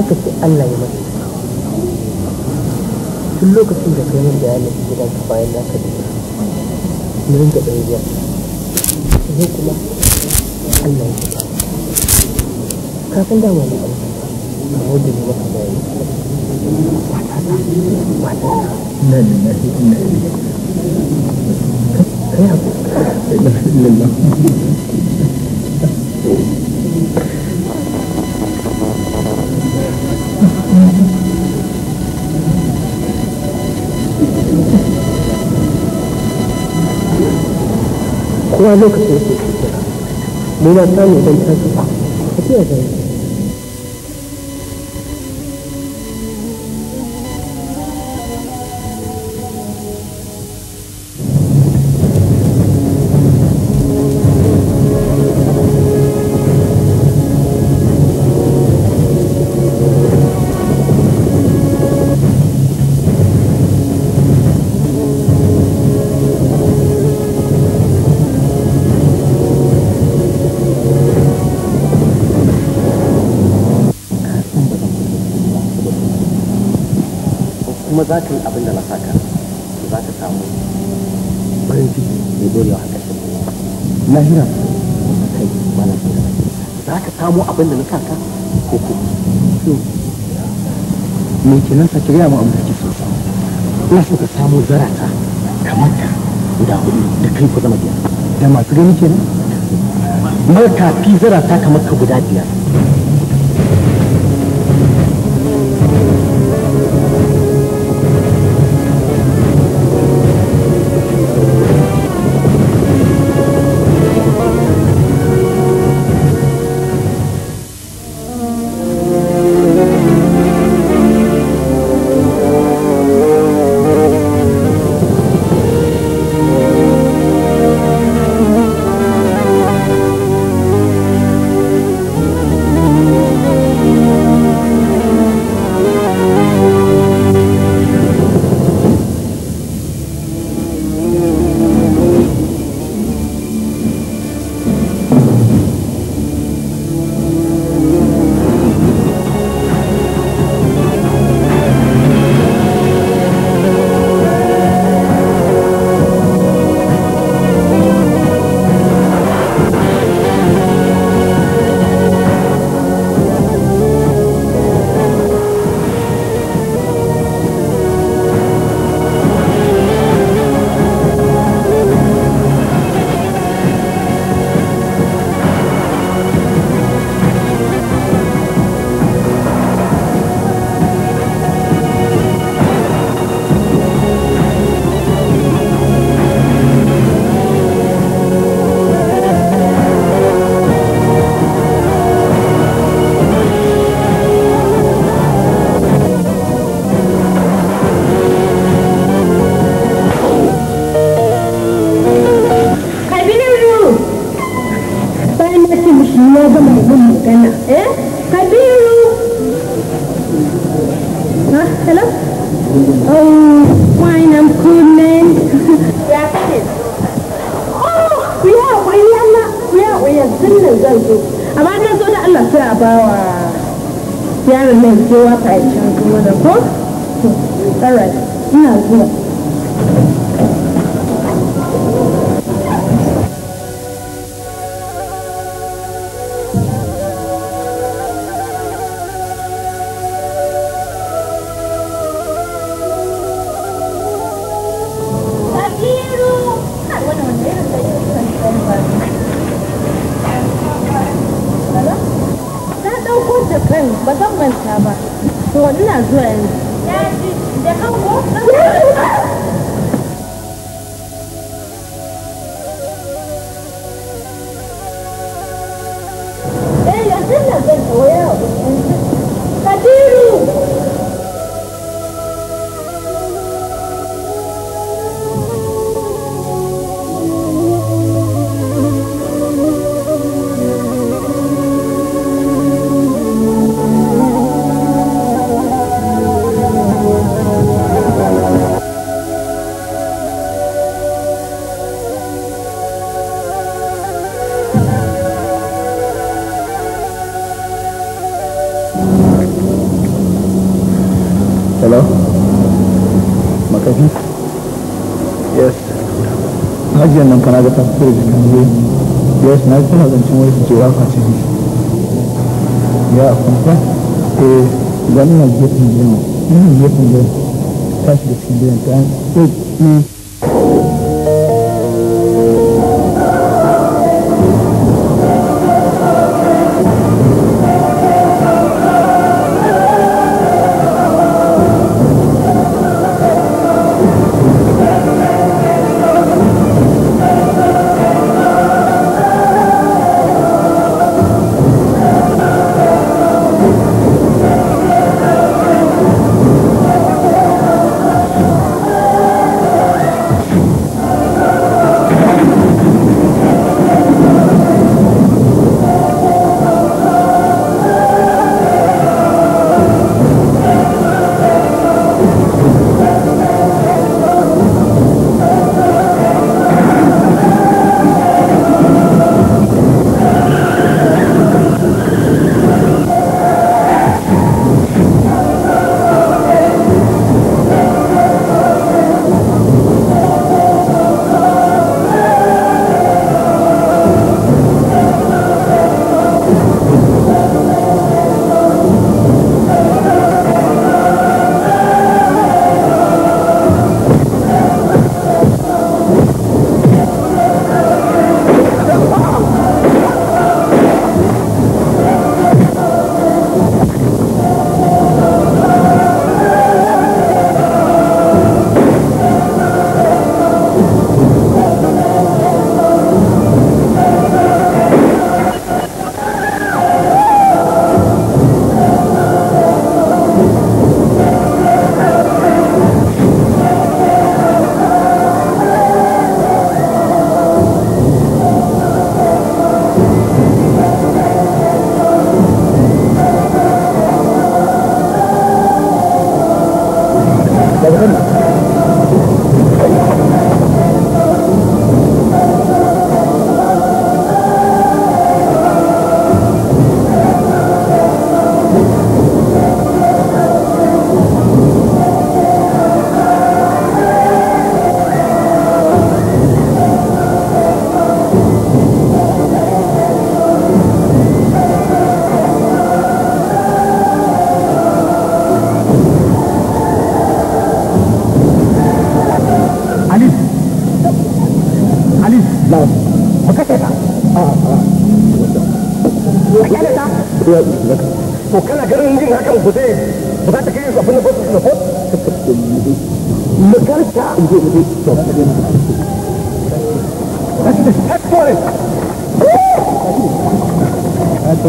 saka ce Allah ya mata tun lokacin da kai min da yana gidan ka bayan da ya duka da ɗaya ɗauriya zai kuma Allah ya mata kafin dama ne ɗauki a wadda ne maka bayan matata na これはよくせ。ると言ってた。皆さんに本当に、間違いじゃない。za ka yi abin da na saka za ka samu farin ciki mai dorewa a ƙarshen lahira kai ba na za ka samu abin da na saka ko ko me kenan sa ki gaya mu amma da kike so ina so ka samu zarata kamar ka da hudu da kai ku zama biyar da masu gani kenan marka fi zarata kamar ka guda biyar yes majiyar nan fana da fasfur da kan zai yes na ji wani cewa ya e, na gefen gina ina gefen gina tashi da cikin gidan ta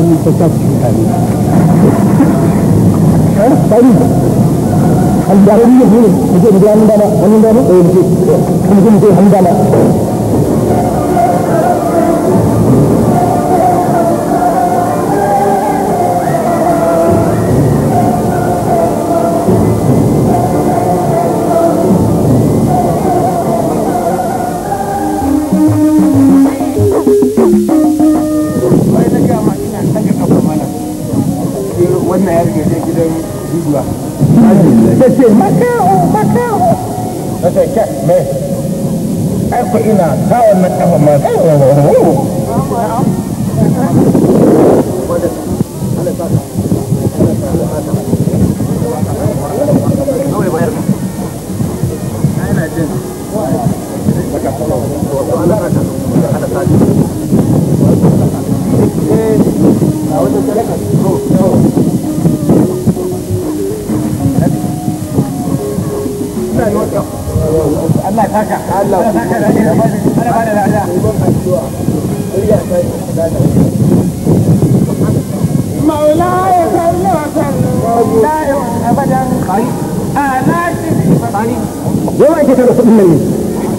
돈이 있었다 중간이야. 어? 빨리. 한 사람이 그게 그게 한다나, 어, 한다나, 어, 이렇게, 한숨 그 한다나. ko ina ta wannan kafa ma kai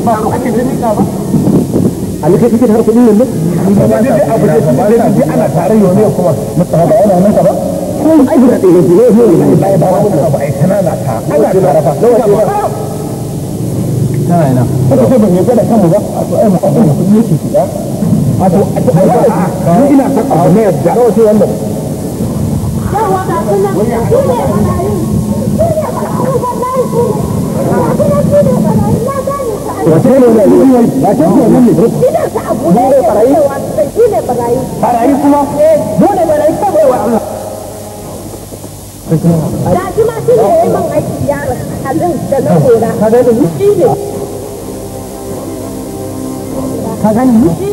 ba hakkin jini na ba Ali kai Ba ana tare yau kuma Mustafa ba yana nan ka ba? Ko ai gura da yake ne ba ba ba ba ta ana tare fa. ba ba ba ba wace ne ne ba ta ne ne gidan sa abu ne ne barayi shi ne barayi barayi kuma dole barayi ta bai wa da shi ma shi ne yayi aiki yaron halin da na gora ka ne ka ga ni shi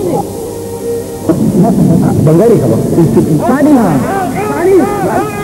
ne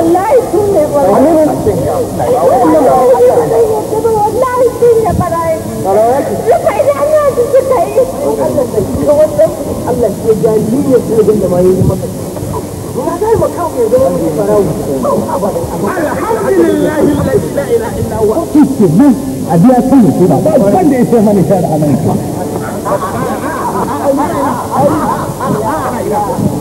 wallahi sun ne wallahi wallahi sun ne barayi suka yi hanya su suka yi Allah ke jani ya su da ma yi maka na zai ma kawo ya zama mutu barawo alhamdulillah a biya sun ne ba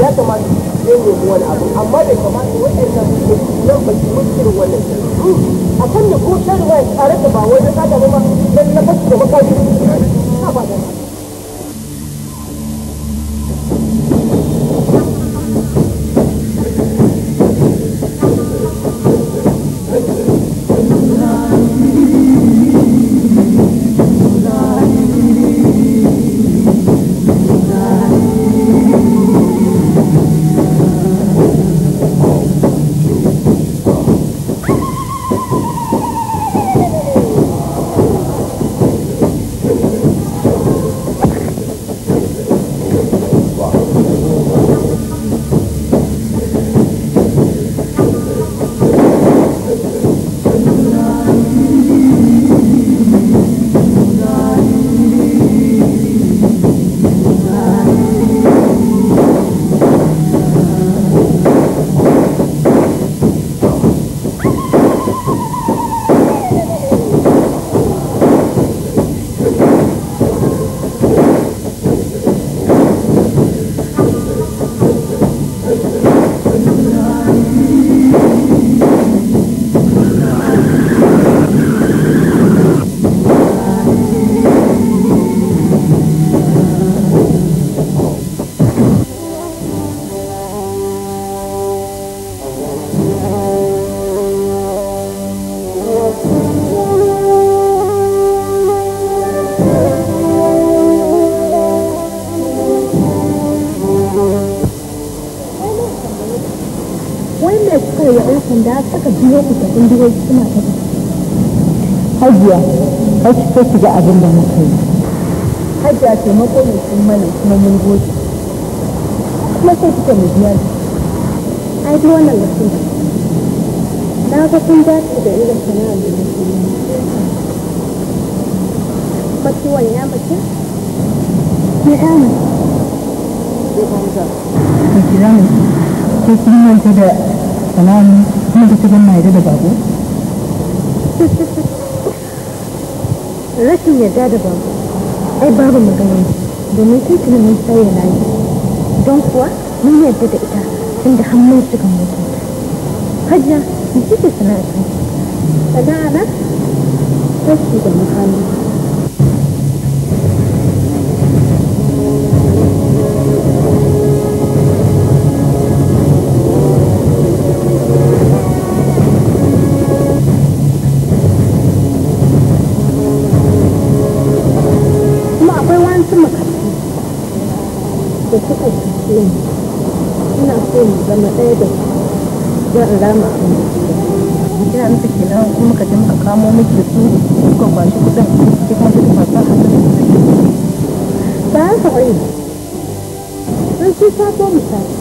ya kamata zai nemi wani abu amma bai kamata waɗannan nan ba su mutu irin wannan a kan da ko shan ruwa ya tsare da ba wai na tsada ba ba na fasu da makami na ba da sanda suka biyo ku ta bindigo suna ta hajiya kai ki ki ga abin da muka yi hajiya taimako ne mana kuma mun gode kuma sai kika mu biya ai duk wannan na ga kun da irin sana'ar da nake yi kuma ciwon ya mace ya ko kuma ta da sana'ar kuma da kudan mai yarda da bako rashin yarda da bako ai babu maganin domin sai tsaye na yi don kuwa mun yadda da ita inda hannun su suka mutu hajja mu kike sana'ar sana'a na kashi da muhalli sai mu na ɗaya da zan rama a da ke ina nufi kenan in muka je muka kamo miki su kuka kwashi ki kuma kika kwasa a cikin ba haka ba ne sun ci sabo misali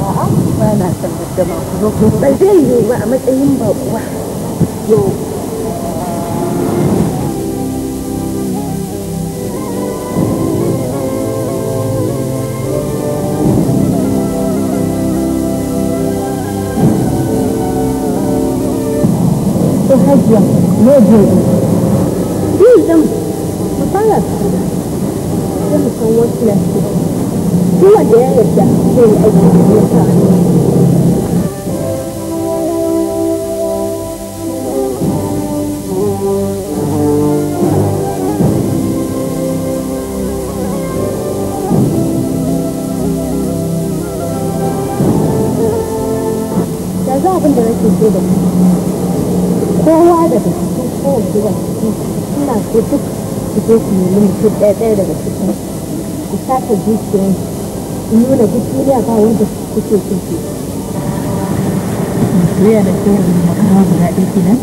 a'a ba na san da ma ku zo ku ba zai yi ba a matsayin ba kuwa yau hajiya ne je yi din misalar da musan wasu lafi kuma da ya yarda zai yi aiki da da so da ku Kuna ina so duk ku je ku nemi mutum ɗaya ɗaya daga cikin ku sata zuciyan ku nuna duk duniya ba wanda kuke so ke da da guda ɗaya kenan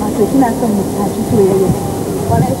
wato kina son mu tashi soyayya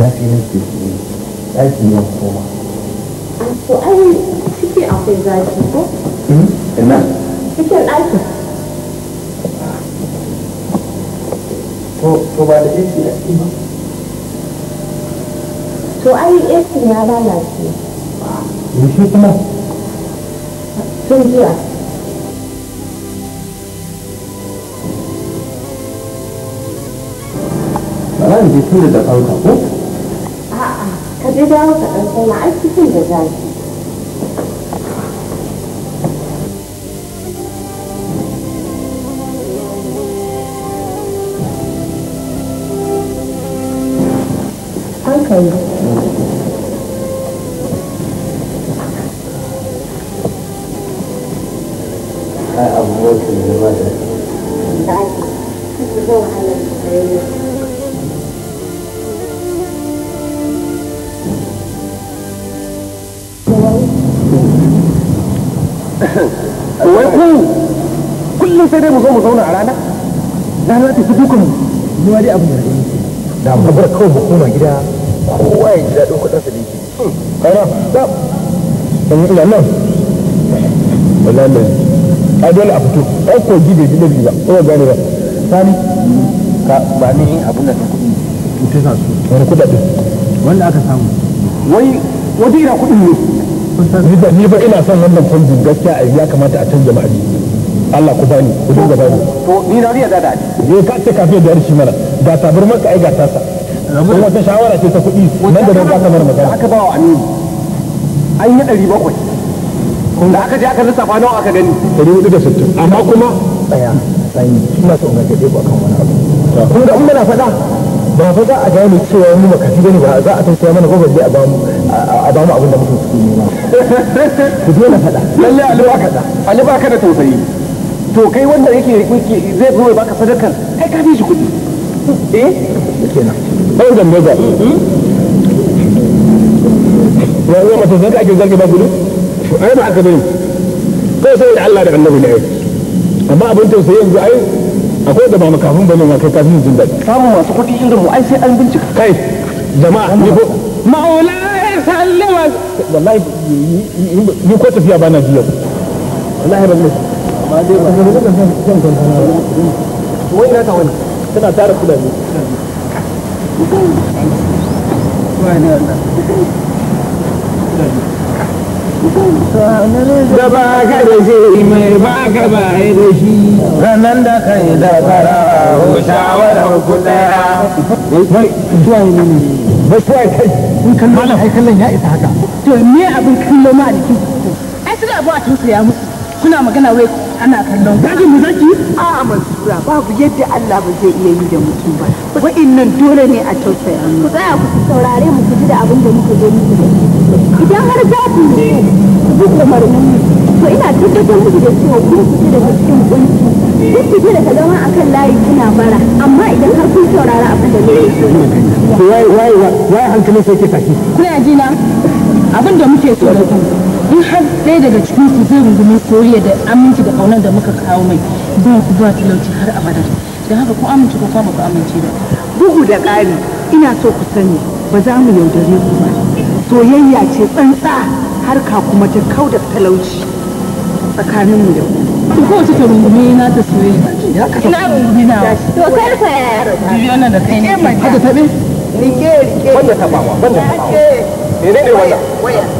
zafi na ke ɗaki ya koma to ai ciki akwai zafi ko hmm? ina cikin ɗaki to ba da AC a ciki ba to ai AC ya lalace yaushe kuma tun jiya Ba zan je tun da ɗauka ko je dawo ka ɗan zauna cikin da ne abin da na gani da amma bar kawai hukuma gida kowa ya ji daɗin kuɗin sa da yake kana da in ina nan wallahi ai dole a fito ai ko ji bai ji dabi ba ko gane ba sani ka ba ni abin da kuɗi ne. ta sa su wani kuɗaɗe wanda aka samu wai wata ina kuɗin ne ni ba ina son wannan kwanjin gaskiya a ya kamata a canja ma'aji Allah ku bani ku dinga bani to ni na riya da da ne ka ce kafin da yarshi mana ga tabarmar ka ai ga tasa kuma wata shawara ce ta kuɗi nan da nan za ka bar magana aka ba wa aminu an yi ɗari bakwai da aka je aka lissafa nawa aka gani ɗari hudu da sittin amma kuma tsaya tsayi ina so ga gaɗe akan wani abu kuma da umma na faɗa ba fa za a gane cewa mu makafi gani ba za a tausaya mana gobe dai a ba mu a ba mu abin da muke suke nema ku dole faɗa lalle ali ba kaza ali ba ka da tausayi to kai wanda yake zai zo ya baka sadakar kai ka bi shi kuɗi eh kenan bai da mega ya yi mata ake zargi ba gudu ai ba aka bane kai sai da Allah da annabi ne amma abin tausayi yanzu ai akwai da ba makafin bane ma kai kafin jin daɗi samun masu kuɗi irin mu ai sai an bincika kai jama'a ni ko maula sallama wallahi ni ko tafiya ba na ji yau wallahi ba ne ba ba ta wani tana tara fulani da ba ka da shi mai ba ka ba da shi ranar da ka yi da fara shawarar kudaya wai zuwa yi ne ne wai tuwa kai in kallon na kallon ya isa haka to ne abin kallon ma a jikin ai suna abu a ya musu suna magana wai ku ana kallon zaki mu zaki a mansura babu yadda Allah ba zai iya yi da mutum ba wa'annan dole ne a tausaya mu tsaya ku saurare mu ku ji da abin da muke gani ku idan har za ku yi ku umarnin to ina tabbatar muku da cewa kun fita daga cikin kunci kun fita daga zama akan layi kuna bara amma idan har kun saurara abin da muke wai wai wai hankalin sai ke tashi kuna ji na abin da muke so da ku in har ɗaya daga cikin ku zai rungumi soyayya da aminci da ƙaunar da muka kawo mai ba ku ba talauci har abada da haka ku amince ko kuma ku amince ba bugu da ƙari ina so ku sani ba za mu yaudare ku ba soyayya ce tsantsa harka kuma ta kau da talauci tsakaninmu da ku to ko ta rungume na ta soyayya ya ka ina rungume na to kai fa biyo nan da kai ne haka tabe rike rike banda tabawa banda tabawa menene wannan waya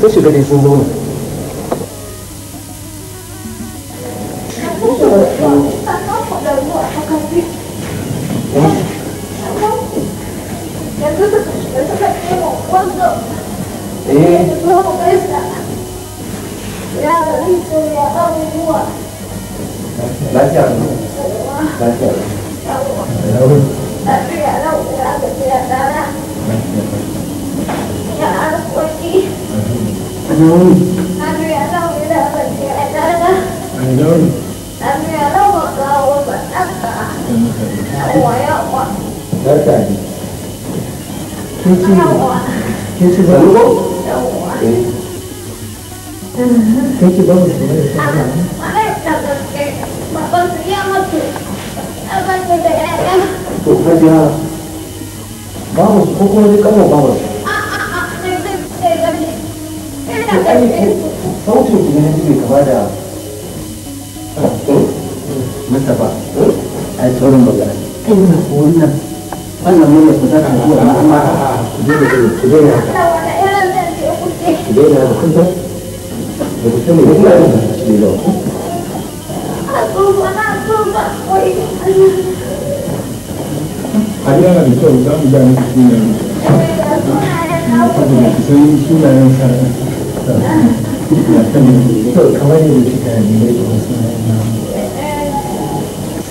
sai shiga dai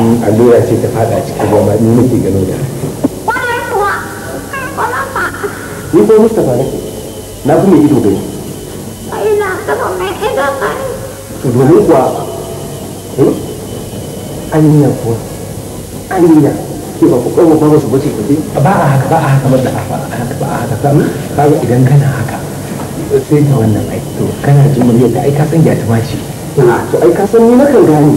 in allura ce ta fada cikin ruwa ni nake gano da ni ko mustapha nake na kuma ido gani to domin kuwa an yi an yi anya ke ba ko kawo ba su bace ba a haka ba a haka ba a haka ba a haka ba idan kana haka sai ta wannan aiki to kana jin muryar da ai ka san ya tumaci ah, to ai ka san ni na kan gane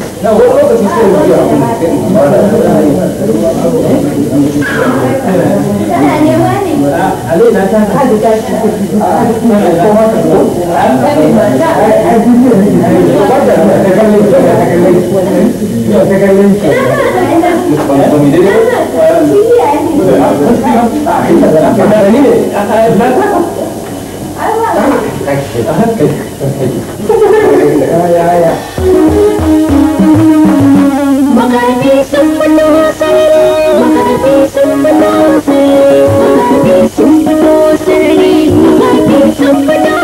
Não, vou colocar esse sistema aqui, ó. Ali, na casa. Ah, de casa. Ah, de casa. Ah, de casa. Makarfi sun fito sarari, makarfi sun fito sarari, makarfi sun fito sarari,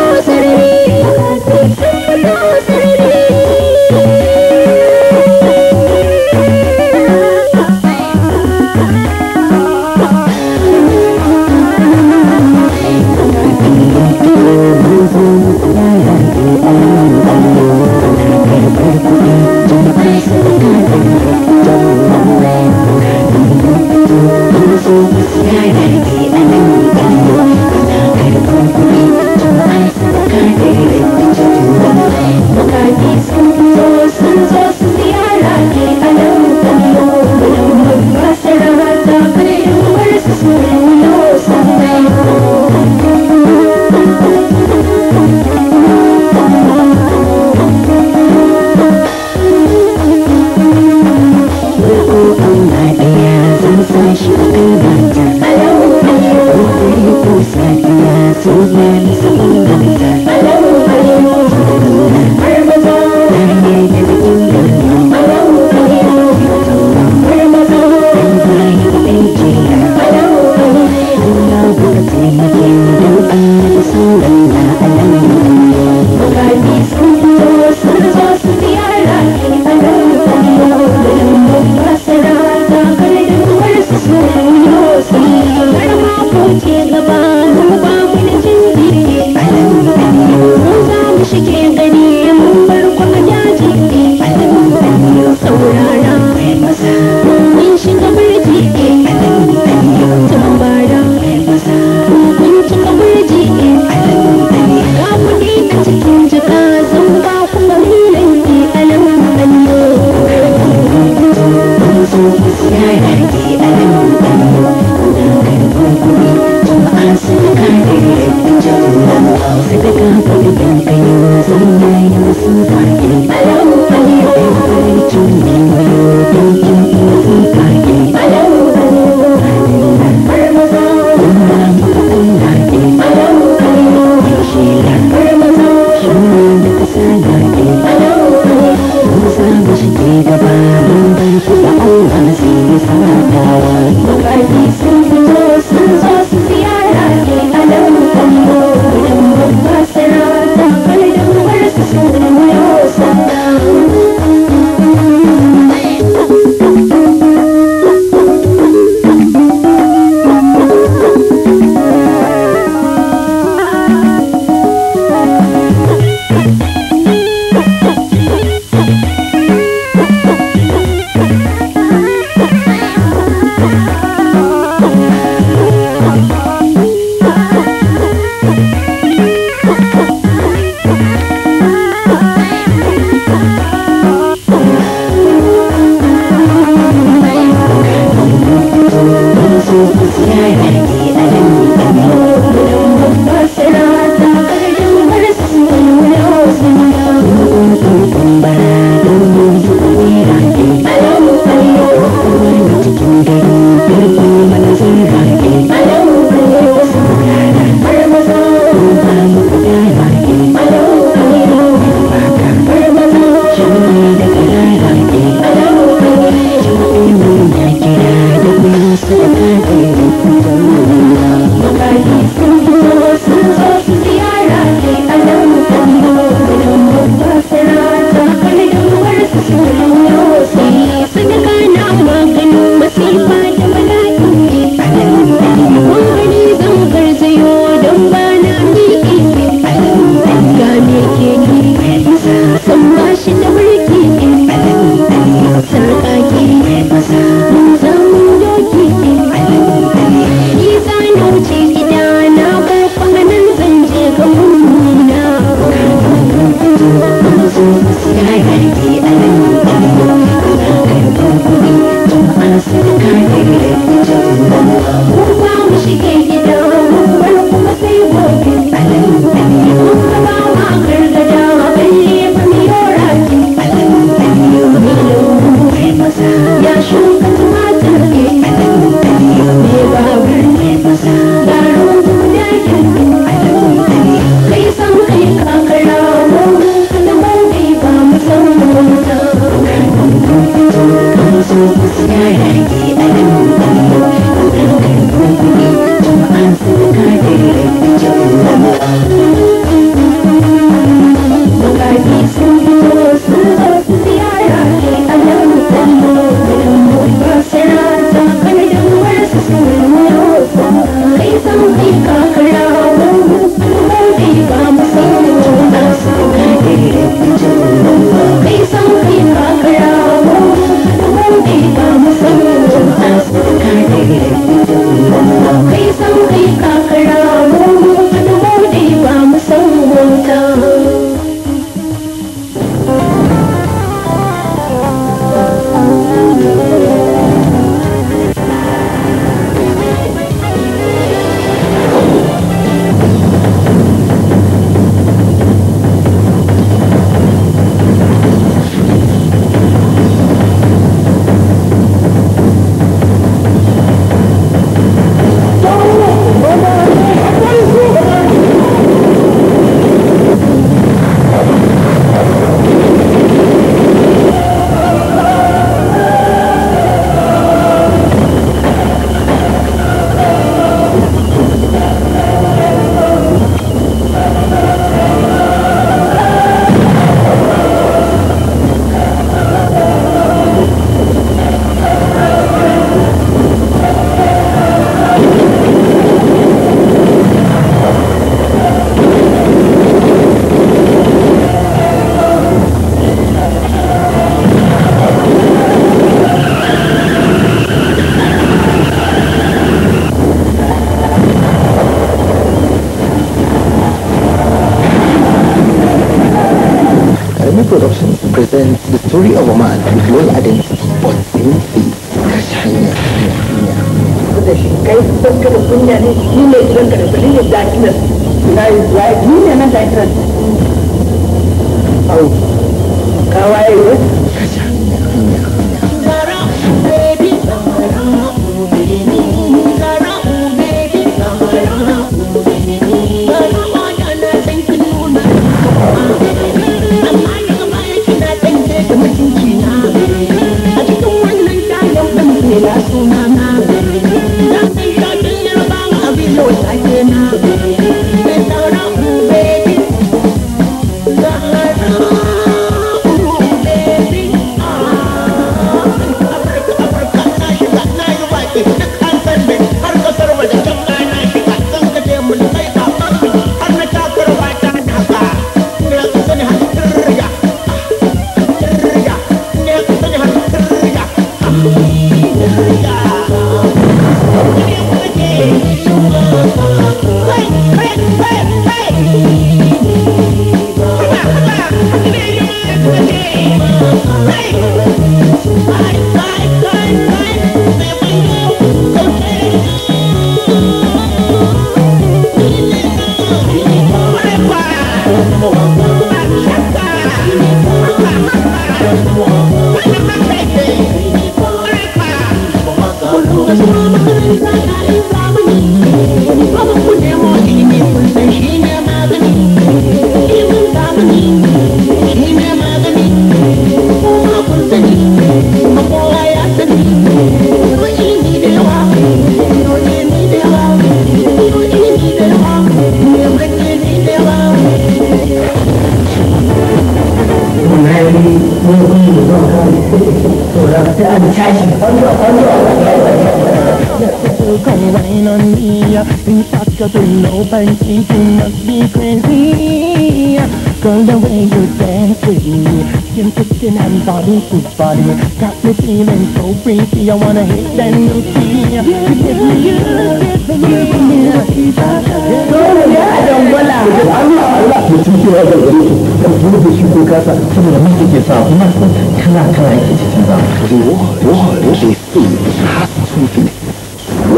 company.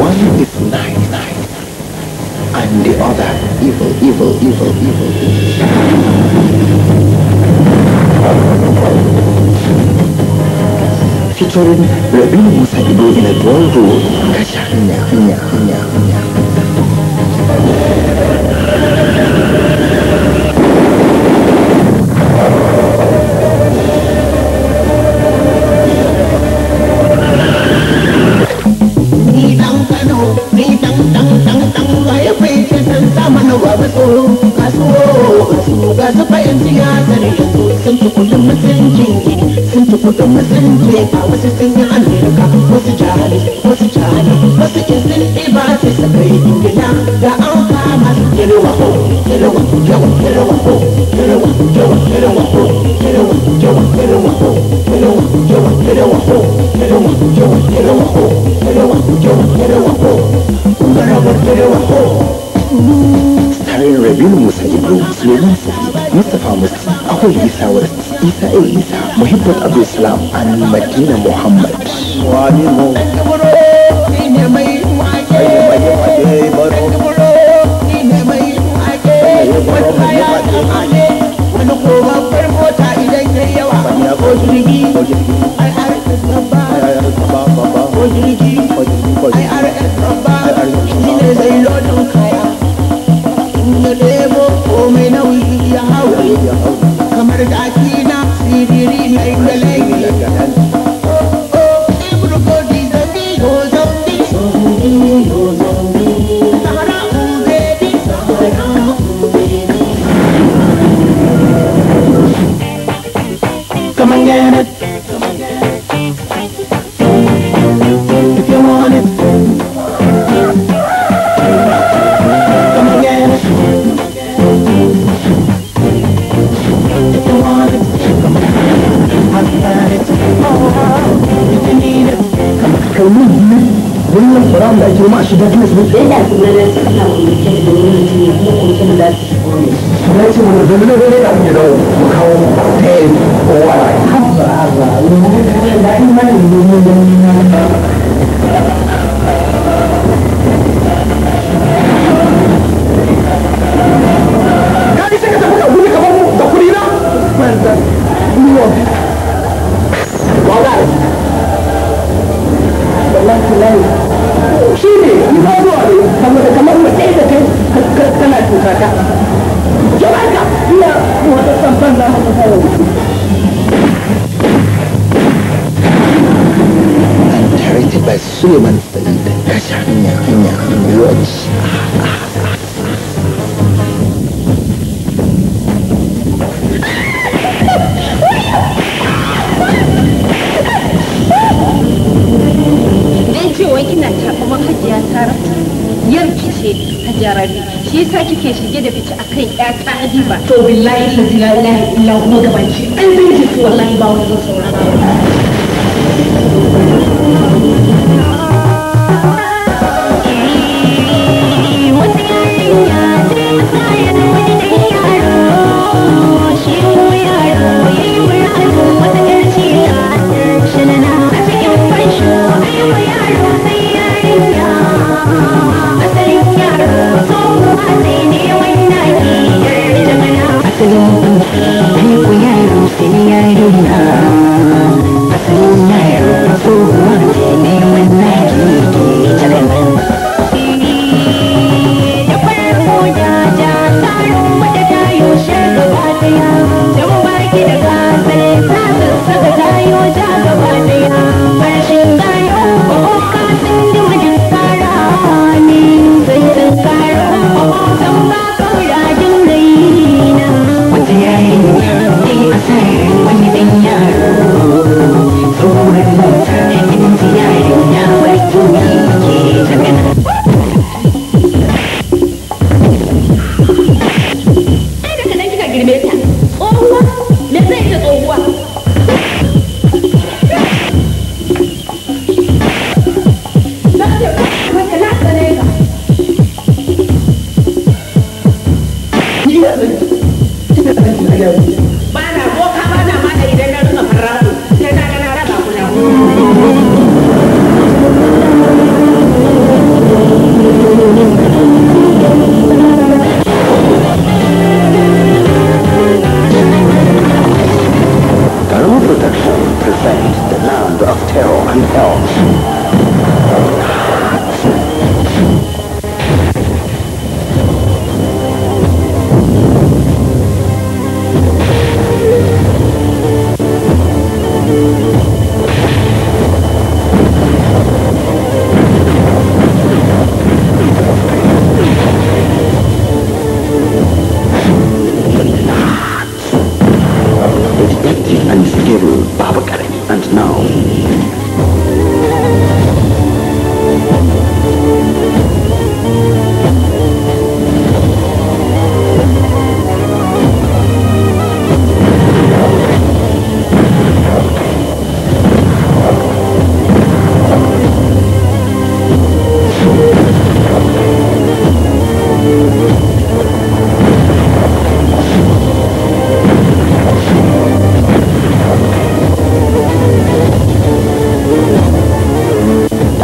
One is nine, nine, and the other evil, evil, evil, evil. Featuring Rabin Musa Ibu in a dual role akwai isa west isa a eh, isa muhibbat islam an madina muhammad IRS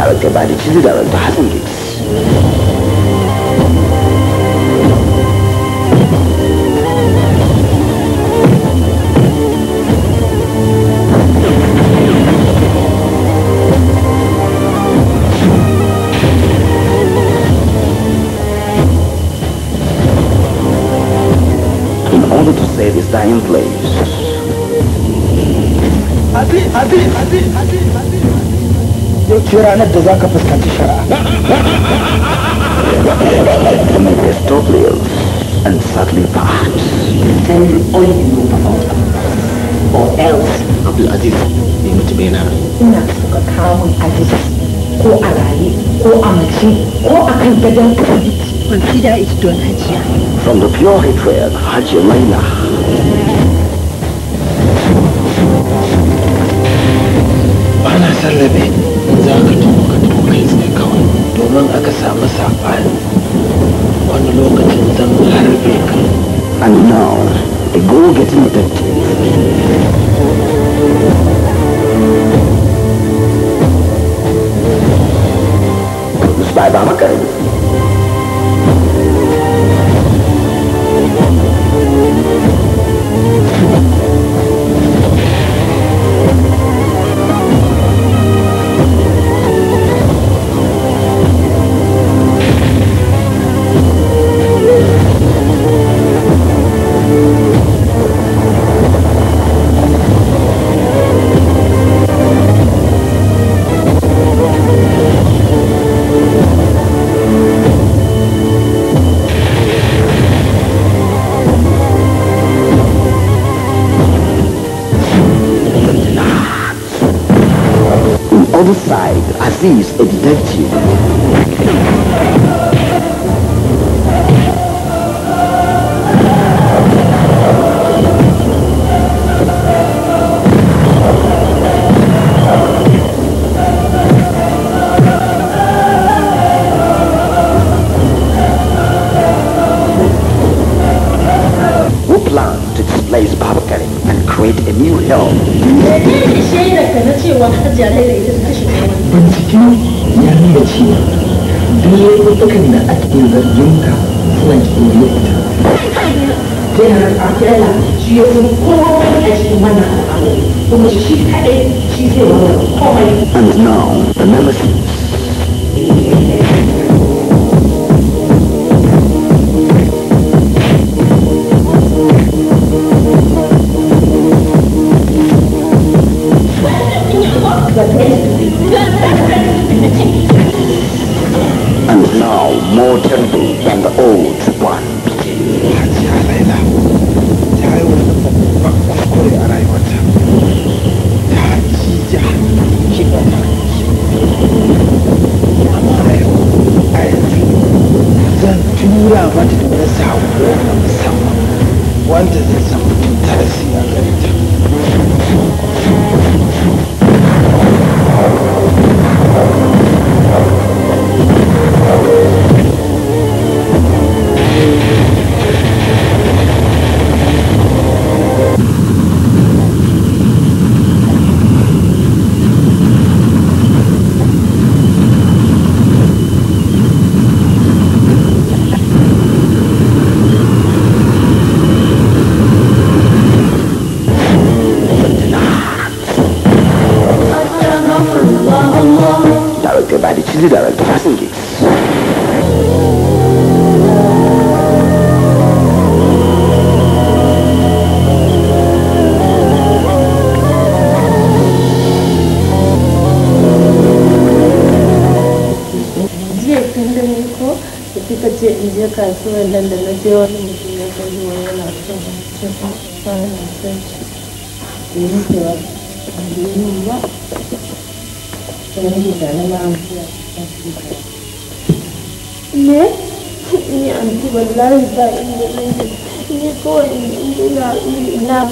In order to save his dying place. Adi, Adi, Adi, Adi. ce ranar da za ka fuskanci shari'a The and tell you you know or else mutu kawo ko a raye ko a mace ko a kan gadon asibiti consider it don Hajiya from the pure hatred Hajiya Laila ana sallabe domin aka samu saɓani wani lokacin zan harbe ka annawa da gogatin da Bye bye, my Aziz assim, Executive. da na cewa da bincike ya nuna cewa duk laifukan da ake zargin ka suna cikin shi ya fi komai a cikin wannan al'amari kuma shi kaɗai shi zai wani and now the nemesis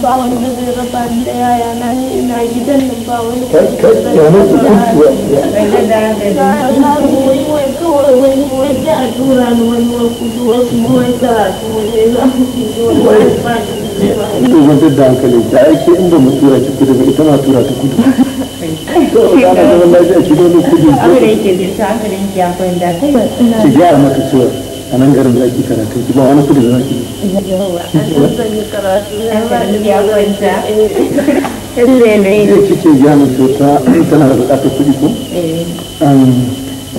ba wanda da gidan nan da a da da da hankali da ake in ba mu tura ki kudu ba ita ma tura ta kudu to da na da lafiya ki dole kudu abu da yake da ta hankalin ki ya da kai ki gyara mata cewa a nan garin zaki karatu ba wani kudi da zaki yi karatu ya eh. ya ne tana da bukatar kudi ko eh. um,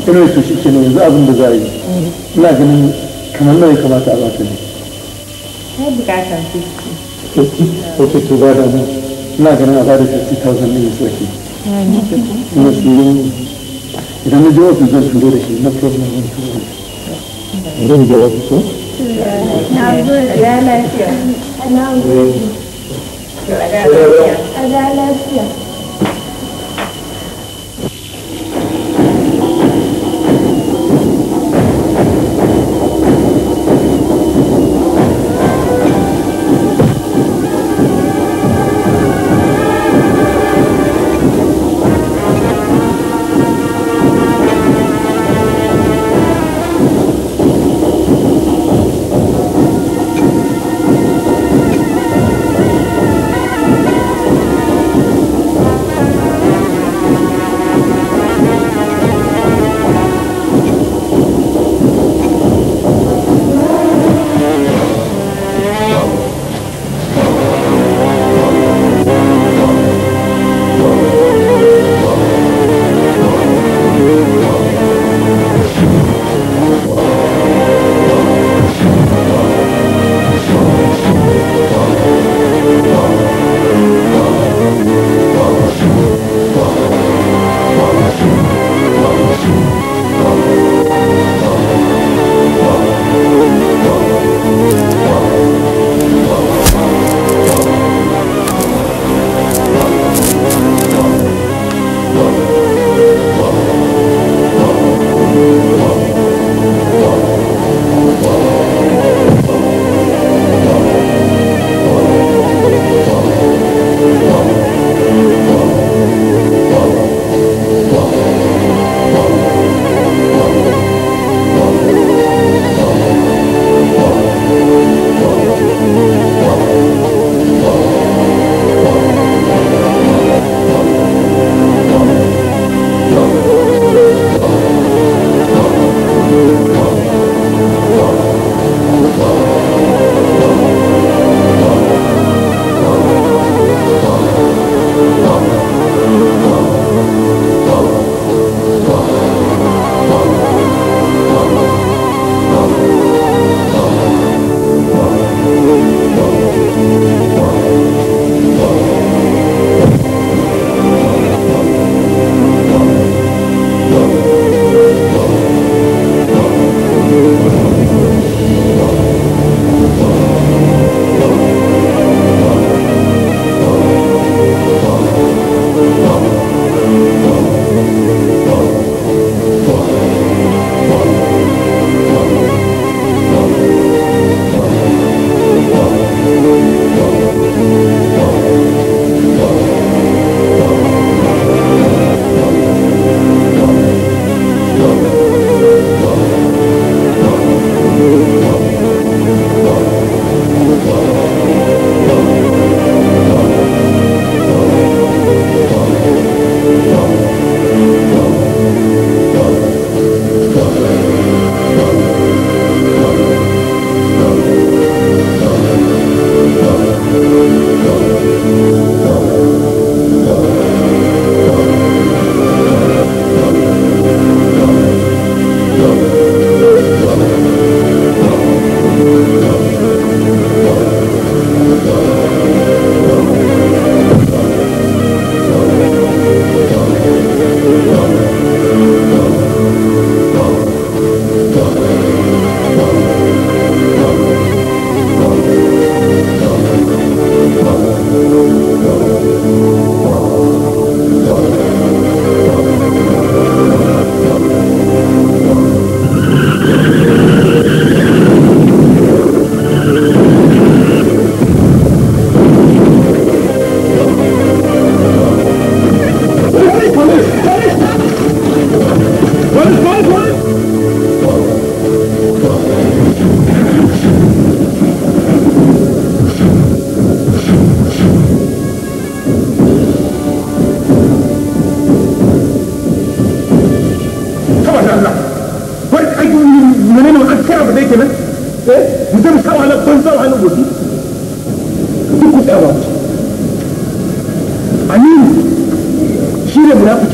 ina so shi ne yanzu abin da za a yi eh. ina ganin kamar nawa ya kamata a bata ne kai bukatar kudi ok da ina ganin a bada 50,000 ne su ake ina su idan na ji zan turo da shi na problem zan turo da shi zan je so?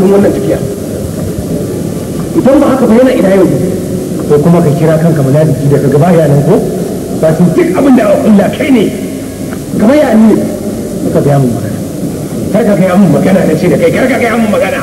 cikin wannan tafiya idan ba haka ba yana ina yau ko kuma ka kira kanka munafiki da kaga baya nan ko ba su duk abin da Allah kai ne kamar ya ne ka ga mun magana kar ka kai mun magana na ce da kai kar ka kai mun magana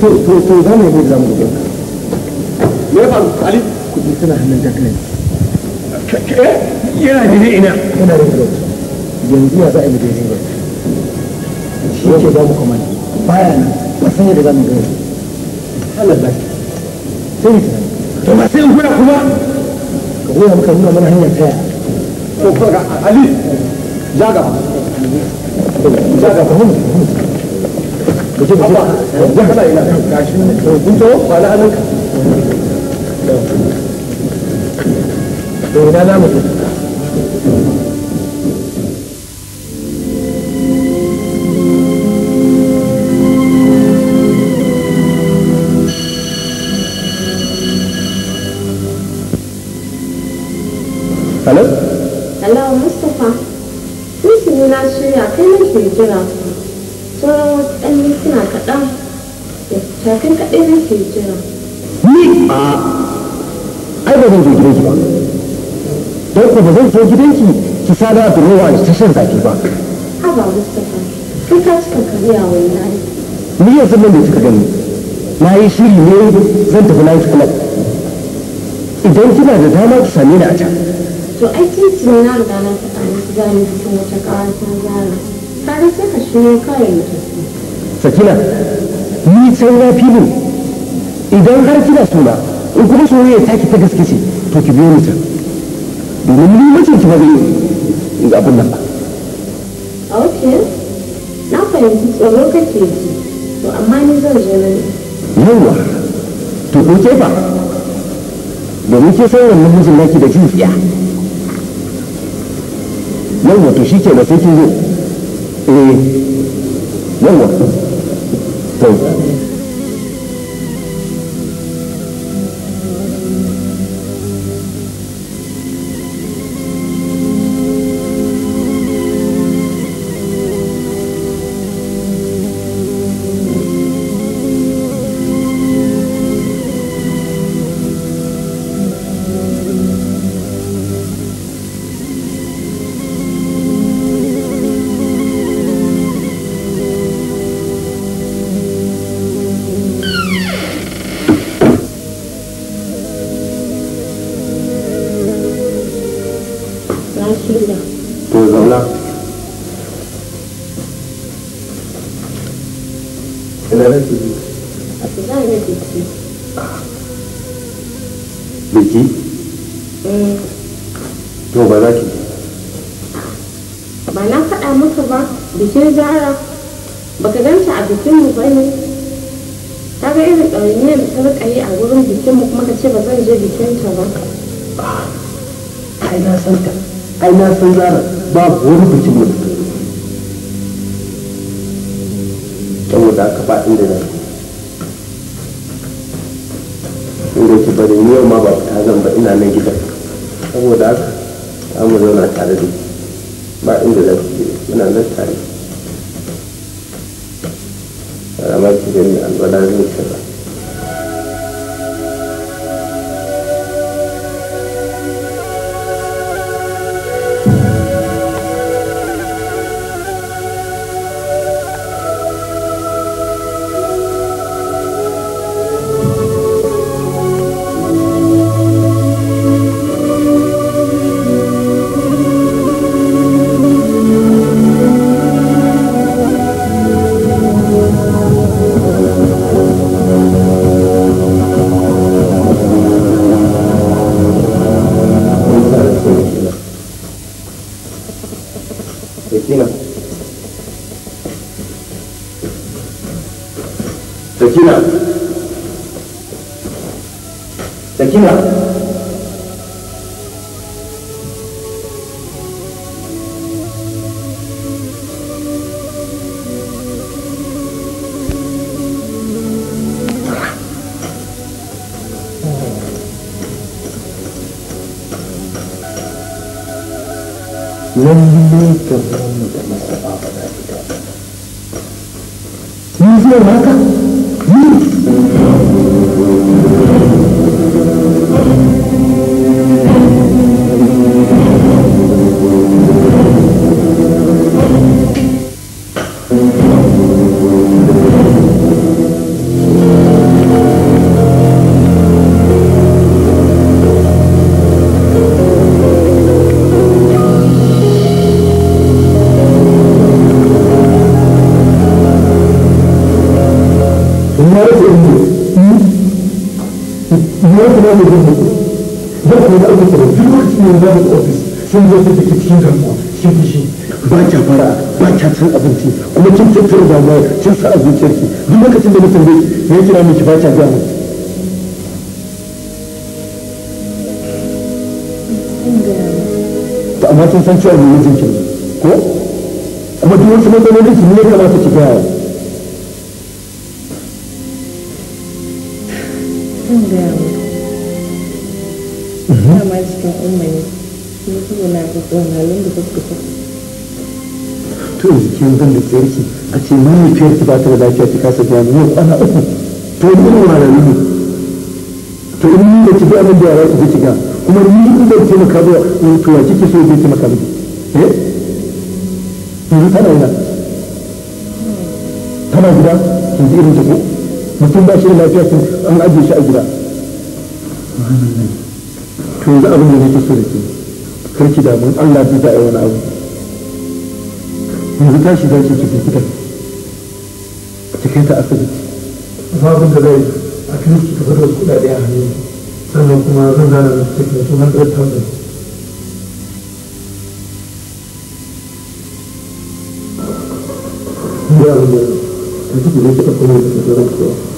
to to to za mu yi zamu gudu me ya faru ali kudi suna hannun takalin eh, yana jini ina yana da road yanzu ya za a yi rin road shi ke ba mu ne. baya nan ba san yadda za mu gani Allah ba sai ni sanar to ba sai in kula kuma ka goya maka nuna mana hanyar taya kuma ka ali jaga jaga ka hunta بشوف بشوف دخل الى 20 متوفى لا انا لا لا الو الو مصطفى ليش الناس شويه كلمتني kaɗan takin kaɗai ke jira ni a ai ba zan je gidanki ba don ku ba zan je gidanki ki sada da ruwa da ta shan zafi ba haba mustapha kai ka cika kariya wani na ni yanzu nan da kika gani na yi shiri ne zan tafi night club idan kina da dama ki same ni a can to ai titin na riga na faɗa musu zani cikin wata ƙawar ta zara ka ga sai ka shirya kawai mutum sakina ni san filin idan har kina suna in kuma soyayya ta ki ta gaske to ki biyo ni can domin ni mace ki ba ga abin nan ba ok na fahimci tsoro kake ji to amma ni zan je nan yawa to ko ke ba domin ke san wannan mijin naki da jufiya yawa to shi ke da sai kin zo eh yawa 对。sun zara babu wani bincin wani private office sun zo su take cikin cikin fushi ba kya fara ba kya cin abinci kuma kin tattara damuwa kin sa a duk lokacin da na tambaye kira miki ba kya gaya amma san cewa mai ko kuma duk wasu matsalolin ki ne ya kamata ki gaya irin da kake so to yanzu kin zan da tsirki a ce mahaifiyarki ba ta da lafiya ta kasa biya mu kwana uku to ne walali ne to in ni da ki ga abin da yara zai ki ga kuma ni in da ki maka ba eh, to ya kike so ki maka ba eh yanzu tana ina tana gida kin ji irin ta ko mutum ba shi da lafiya sun, an ajiye shi a gida to yanzu abin da ke so da ke karki da mun Allah bi da wani abu yanzu ta shiga shi cikin fitar a cikin ta asibiti babin da zai a kan ki kafa da kudade a hannu sannan kuma zan zana da take to nan da ta mu ya Allah ta da ne ta kuma da ta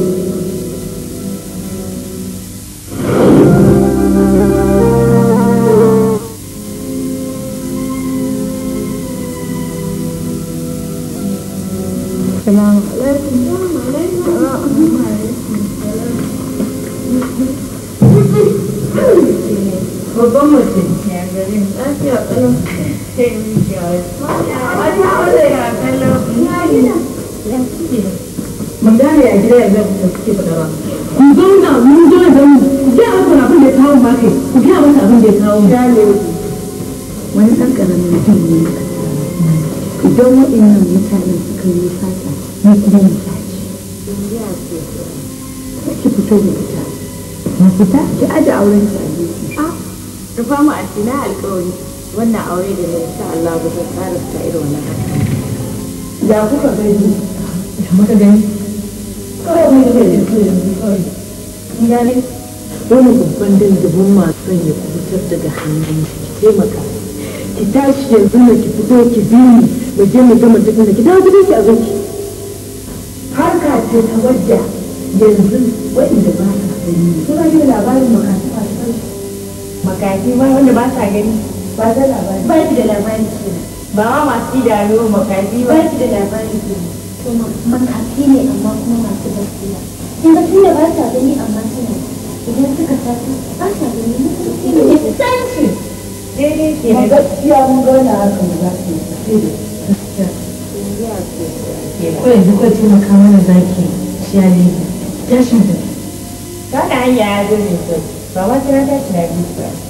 aure da ni insha Allah ba zan ƙara fita irin wannan haka ya kuka gani ya muka gani kawai mai da ya kawai yanzu kawai ni ya ne wani babban dandabin masu son ya kubutar daga hannun shi ki taimaka ki tashi yanzu na ki fito ki bi ni mu je mu gama duk da ki dawo gidan ki a zo ki harka ce ta wadda yanzu waɗanda ba sa gani kuna yin labarin makafi masu makafi ma wanda ba sa gani ba da labari ba ki da labari ke ba ma masu idanu makafi ba ki da labari ke to makafi ne amma kuma masu gaskiya kin ga tunda ba ta gani amma suna idan suka tafi ba ta gani mutum ne ne tsanci daidai ke ne gaskiya mun ga wani haka mu za su yi gaskiya ko yanzu ko ce maka mana zaki shi ya ne tashin tafi ta hanya ya zo ne ba wata rata tunani ba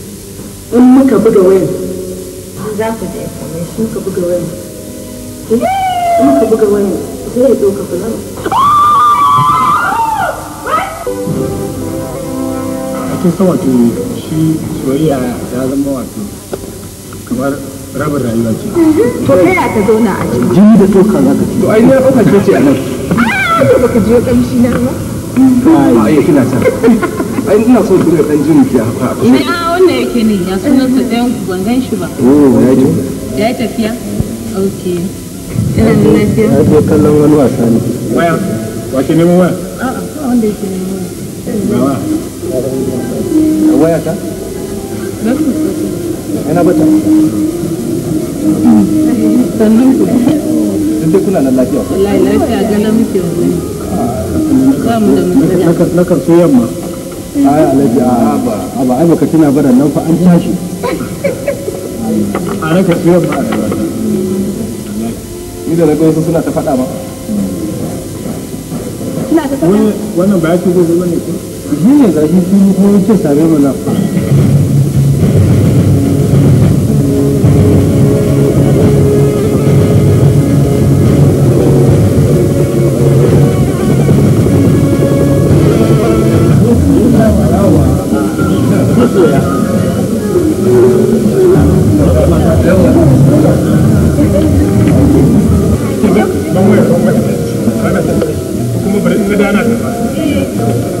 in muka buga wayan za ku je kamar shi muka buga wayan in eh, muka buga wayan zai ya ɗauka fulani kin san wato shi soyayya ya zama wato kamar rabin rayuwa ce. Mhm. To kai ya ta zauna a cikin. Jini da toka za ka ci. To ai ne ɗaukar ce a nan. Ah, ba ka je ƙamshi na ba. Ai kina san. ai ina so dinga dan jin ki haka ina a wannan yake ne ya sunan sa dan ban gan shi ba oh ya ji ya tafiya Ok. ina ne lafiya ya je kallon wani wasa ne waya wace neman waya a'a wanda yake neman waya waya ta ina bata sannan ku duk kuna nan lafiya wallahi lafiya ga ah, na muke wani kamu da mutane na kan so yamma ai alaji a ba ai baka tuna ba nan fa an tashi a raka ba ni da wasu suna ta ba wannan ba ya ne ko shi ne shi kuma yake same mu Ban waya ban waya kuma bari in da ba.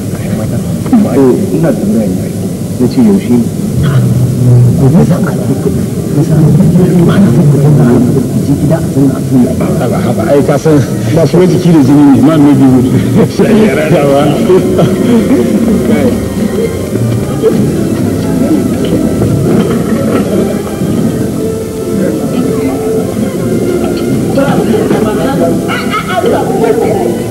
kaza ce yaushe ka haba da ma